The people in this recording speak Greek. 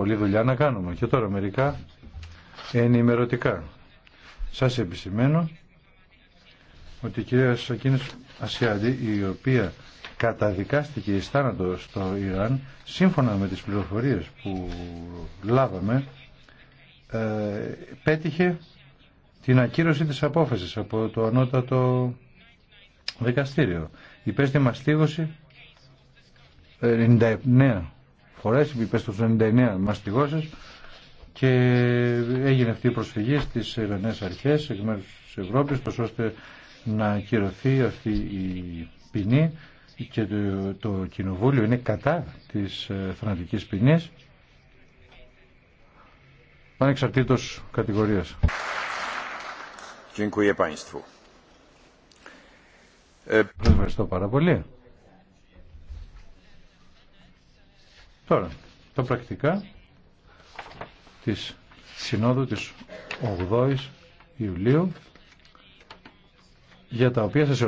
Πολλή δουλειά να κάνουμε. Και τώρα μερικά ενημερωτικά. Σας επισημαίνω ότι η κυρία Σακίνης Ασιάδη η οποία καταδικάστηκε εις θάνατο στο Ιράν, σύμφωνα με τις πληροφορίες που λάβαμε, ε, πέτυχε την ακύρωση της απόφασης από το ανώτατο δικαστήριο. Υπέστη μαστίγωση 99 φορές, είπε στου 99 μαστιγώσεις και έγινε αυτή η προσφυγή στις Ελληνές Αρχές εκ μέρους της Ευρώπης τόσο ώστε να ακυρωθεί αυτή η ποινή και το, το κοινοβούλιο είναι κατά της ε, θανατικής ποινής ανεξαρτήτως κατηγορίας. Ευχαριστώ πάρα πολύ. Τώρα, τα πρακτικά της Συνόδου της 8ης Ιουλίου για τα οποία σας